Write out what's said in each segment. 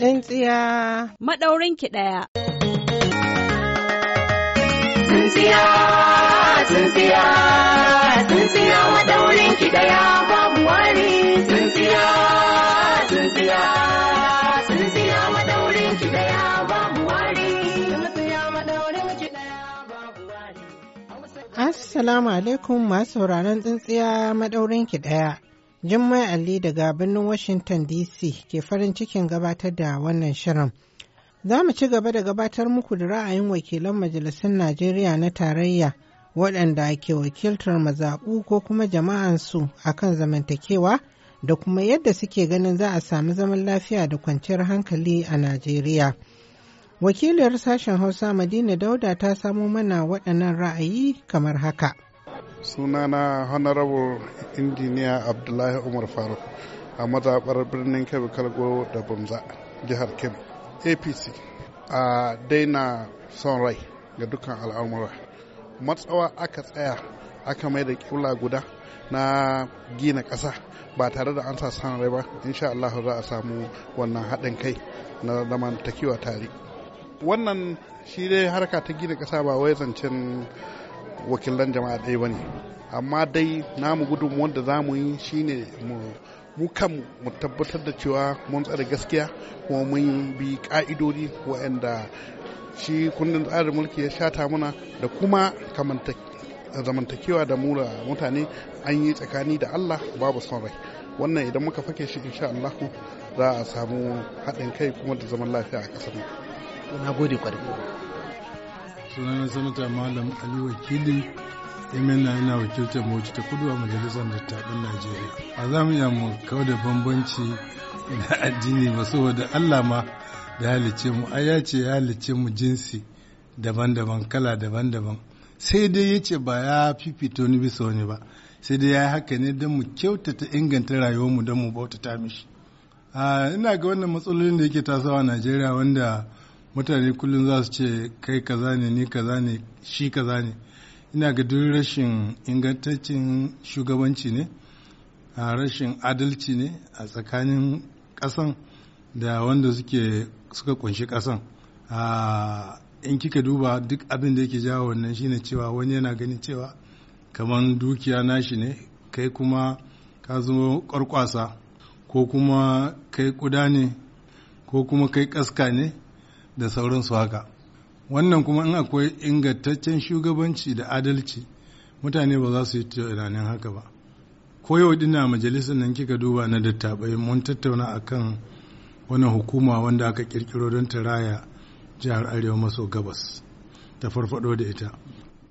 Ɗan tsiya. Maɗaurin ki ɗaya. Tsintsiya, tsintsiya, tsintsiya maɗaurin ki ɗaya babu wani. Tsintsiya, tsintsiya, tsintsiya maɗaurin ki ɗaya babu wani. Tsintsiya maɗaurin ki ɗaya babu wani. Assalamu alaikum masu sauraron tsintsiya maɗaurin ki ɗaya. Jummai Ali daga birnin Washington DC ke farin cikin gabatar da wannan shirin. Za mu ci gaba da gabatar muku da ra'ayin wakilan majalisun Najeriya na tarayya waɗanda ke wakiltar mazaɓu ko kuma jama'ansu a kan zamantakewa da kuma yadda suke ganin za a sami zaman lafiya da kwanciyar hankali a Najeriya. Wakiliyar sashen Hausa Madina Dauda ta samo mana waɗannan ra'ayi kamar haka. sunana honorable injiniya abdullahi umar faruk a mazaɓar birnin kebbi kalgo da bamza jihar kebbi apc a daina son rai ga dukkan al'amura matsawa aka tsaya aka mai da kula guda na gina ƙasa ba tare da an sa son rai ba insha Allah za a samu wannan haɗin kai na zamantakewa tare wannan shi dai harka ta gina ƙasa ba wai zancen wakilan jama'a ɗaya ba ne amma dai namu gudun wanda za mu yi shine mu kan mu tabbatar da cewa mun tsare gaskiya kuma mun bi ka'idodi wa'anda shi kundin tsarin mulki ya shata muna da kuma zamantakewa da mura mutane an yi tsakani da Allah babu son rai wannan idan muka fake shi insha Allah za a samu haɗin kai kuma da zaman lafiya a ƙasar Na gode kwarfi sunana sanata malam ali wakili imena yana wakiltar mawuci ta kudu a majalisar dattaɗin najeriya a za mu iya mu kawo da bambanci na addini ba saboda allah ma da halice mu a ya ce ya halice mu jinsi daban-daban kala daban-daban sai dai ya ce ba ya fifita wani bisa wani ba sai dai ya yi haka ne don mu kyautata inganta rayuwarmu don mu bauta ta mishi ah, ina ga wannan matsalolin da yake tasowa a najeriya wanda mutane kullum za su ce kai kaza ne ni kaza ne shi kaza ne ina ga duk rashin ingantaccen shugabanci ne a rashin adalci ne a tsakanin ƙasan da wanda suke suka kunshi ƙasan in kika duba duk abin da yake jawo wannan shine cewa wani yana ganin cewa kamar dukiya nashi ne kai kuma ka zama kwarkwasa ko kuma kai kuda ne ko kuma kai ƙaska ne da sauransu haka wannan kuma in akwai ingantaccen shugabanci da adalci mutane ba za su yi tunanin haka ba ko yau dina majalisar nan kika duba na dattabai mun tattauna akan wani hukuma wanda aka kirkiro don ta raya jihar arewa maso gabas ta farfado da ita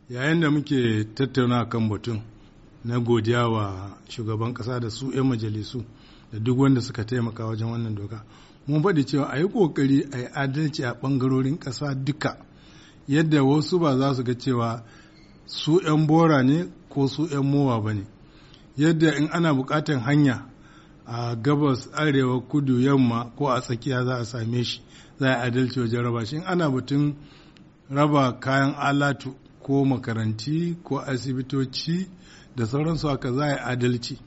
yayin da muke tattauna kan batun na godiya wa shugaban kasa da su 'yan majalisu da duk wanda suka taimaka wajen wannan doka mun faɗi cewa a yi ƙoƙari a yi adalci a ɓangarorin ƙasa duka yadda wasu ba za su ga cewa su 'yan bora ne ko su 'yan mowa ba ne yadda in ana buƙatar hanya a gabas arewa kudu yamma ko a tsakiya za a same shi za a adalci wajen raba shi in ana batun raba kayan alatu ko makaranti ko asibitoci da sauransu haka za a yi adalci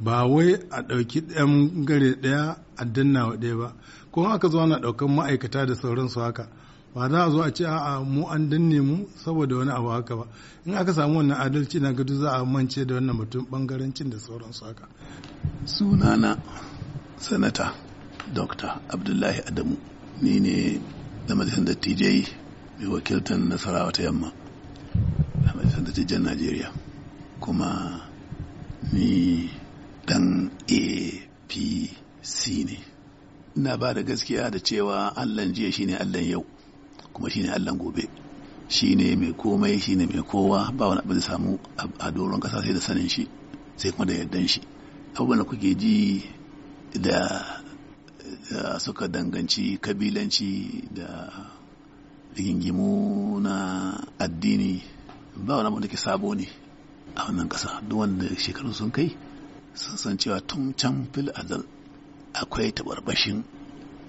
ba wai a ɗauki ɗan gare ɗaya a danna wa ɗaya ba ko aka zo ana ɗaukan ma'aikata da sauransu haka ba za a zo a ce a'a mu an danne mu saboda wani abu haka ba in aka samu wannan adalci na gado za a mance da wannan mutum bangarancin da sauransu haka sunana sanata dr abdullahi adamu ni ne da majalisar dattijai mai wakiltar nasarawa ta yamma da majalisar dattijan najeriya kuma ni dan apc si ne ina ba da gaskiya da cewa allan jiya shine allan yau kuma shine allan gobe shine mai komai shine mai kowa ba wani abu da samu a doron kasa sai da sanin shi sai kuma da yardan shi abubuwan da kuke ji da suka danganci kabilanci da rigingimu na addini ba wani abu da ke sabo ne a wannan kasa duk wanda shekaru sun kai sun san cewa tun can fil azal akwai tabarbashin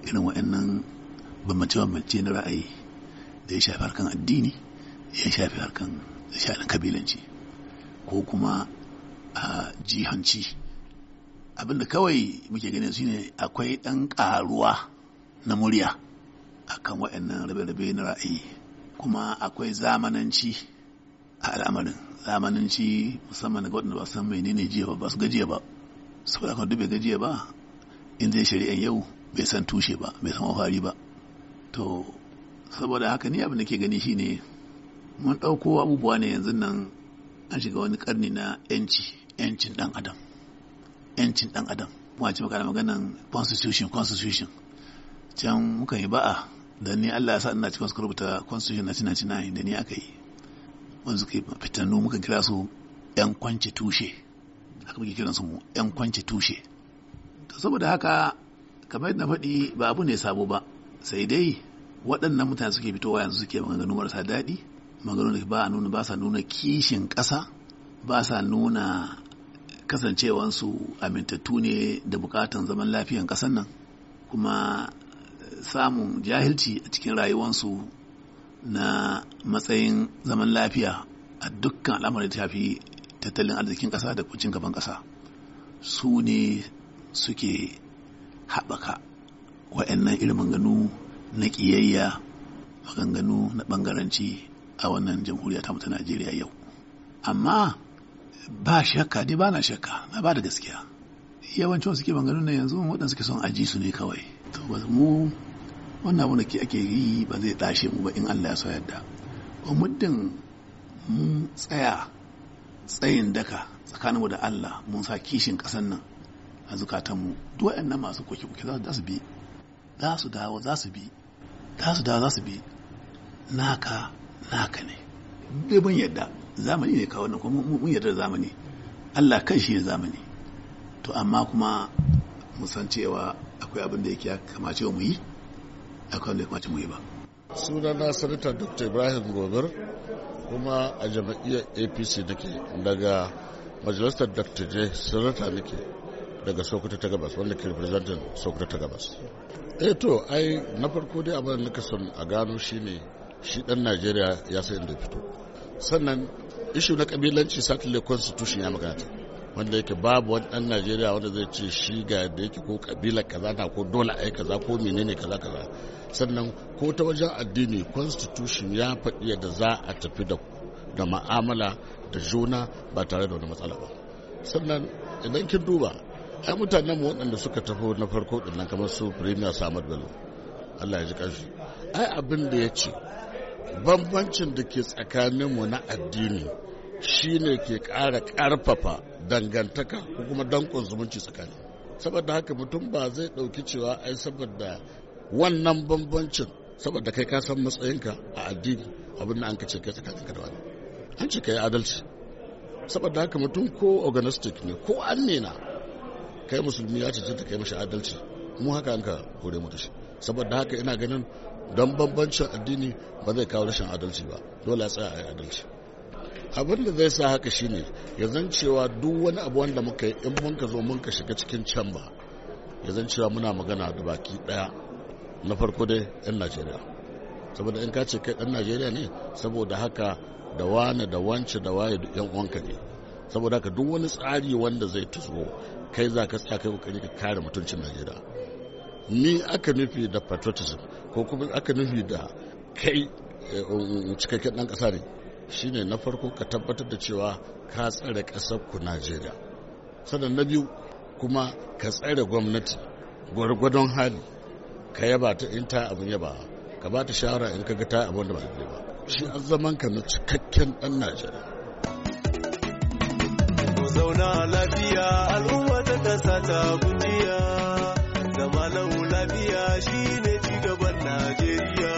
irin wa'annan bambance-bambance na ra'ayi da ya shafi harkan addini ya shafi harkan shaɗin kabilanci ko kuma a jihanci abinda kawai muke ganin su ne akwai ɗan ƙaruwa na murya a akan waɗannan rabe-rabe na ra'ayi kuma akwai zamananci a al'amarin zamananci musamman ga waɗanda ba san menene jiya ba ba su gajiya ba saboda kan duk bai gajiya ba in zai shari'an yau bai san tushe ba bai san mafari ba to saboda haka ni abin da ke gani shine mun ɗauko abubuwa ne yanzu nan an shiga wani karni na yanci yancin ɗan adam yancin ɗan adam kuma ce makana maganan constitution constitution can muka yi ba'a da ni Allah ya sa ina cikin suka rubuta constitution na cina cina da ni aka yi Wanzu suka yi fitannu muka kira su yan kwance tushe haka muke kiransu mu yan kwance tushe saboda haka kamar na faɗi ba abu ne sabo ba sai dai waɗannan mutane suke fitowa yanzu suke maganganu marasa daɗi maganganu da ba a nuna ba sa nuna kishin ƙasa ba sa nuna kasancewansu amintattu ne da bukatan zaman lafiyan ƙasar nan kuma eh, samun jahilci a cikin rayuwansu na matsayin zaman lafiya a dukkan al'amarin tafi tattalin arzikin ƙasa da kucin gaban ƙasa su ne suke haɓaka wa'annan ilimin ganu na ƙiyayya maganganu na ɓangaranci a wannan jamhuriya ta mutu najeriya yau amma ba shakka dai ba na shakka na ba da gaskiya yawancin suke maganganu na yanzu waɗanda suke son aji su ne kawai to ba mu wannan abu da ke ake yi ba zai tashe mu ba in allah ya so yadda Ba muddin mun tsaya tsayin daka tsakaninmu da allah mun sa kishin ƙasan nan a zukatanmu duk nan masu koke-koke za su bi za su dawo za su bi za su dawo za su bi naka naka ne bai ban yadda zamani ne kawo nan kuma mun yadda zamani Allah kan shi ne zamani to amma kuma mu san cewa akwai abin da yake ya kamace mu yi akwai abin da ya kamace mu yi ba sunana sanata dr ibrahim gobir kuma a jama'iyyar apc nake daga majalisar dattijai sanata nake daga sokoto ta gabas wanda ke representin sokoto ta gabas eh to ai na farko dai abin da son a gano shine shi dan najeriya ya san inda fito sannan ishu na kabilanci satellite constitution ya magana wanda yake babu wani dan najeriya wanda zai ce shi ga da yake ko kabila kaza na ko dole ai kaza ko menene kaza kaza sannan ko ta wajen addini constitution ya faɗi yadda za a tafi da da ma'amala da juna ba tare da wani matsala ba sannan idan kin duba ai mutanen mu waɗanda suka tafi na farko ɗinnan kamar su premier samad bello allah ya ji ƙarfi ai abin da ya ce bambancin da ke tsakaninmu na addini shine ke ƙara ƙarfafa dangantaka ko kuma dankon zumunci tsakani saboda haka mutum ba zai ɗauki cewa ai saboda wannan bambancin saboda kai ka san matsayinka a addini abin da an ka ce kai ka da wani an ce kai adalci saboda haka mutum ko organistic ne ko an nena kai musulmi ya cancanta kai mashi adalci mu haka an ka kore mu da shi saboda haka ina ganin don bambancin addini ba zai kawo rashin adalci ba dole a tsaya a yi adalci abin da zai sa haka shine ya zan cewa duk wani abu wanda muka yi in mun ka zo mun ka shiga cikin can ba ya zan cewa muna magana da baki daya na farko dai yan najeriya saboda in ka ce kai dan najeriya ne saboda haka da wane da wance da waye yan uwanka ne saboda ka duk wani tsari wanda zai tusgo kai za ka sa kai kokari ka kare mutuncin najeriya ni aka nufi da patriotism ko kuma aka nufi da kai eh, cikakken dan kasa ne shine na farko ka tabbatar da cewa ka tsare kasar ku najeriya sannan na biyu kuma ka tsare gwamnati gwargwadon hali ka yaba ta in ta abin yaba ka ba ta shawara in ka ga ta abin da ba ba shi an zaman ka na cikakken dan najeriya mu zauna lafiya al'umma ta kasa ta kujiya zama lafiya shine cigaban Najeriya.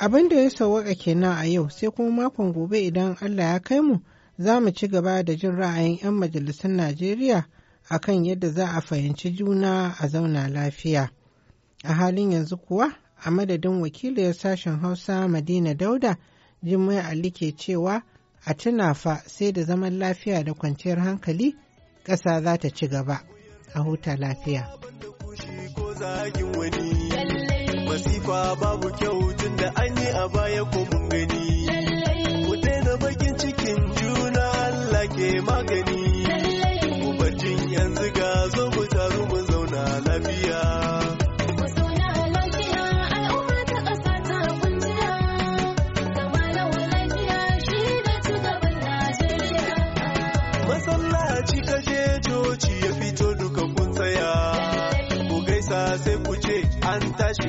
abin da ya sawaka kenan a yau sai kuma makon gobe idan Allah ya kai mu za mu ci gaba da jin ra'ayin 'yan majalisun Najeriya akan yadda za a fahimci juna a zauna lafiya. A halin yanzu kuwa, a madadin Wakilin sashen Hausa Madina Dauda, Jummai Ali ke cewa a tuna fa sai da zaman lafiya da kwanciyar hankali ƙasa za ta ci gaba. A huta lafiya. Masifa babu kyau tun da an yi a baya kuma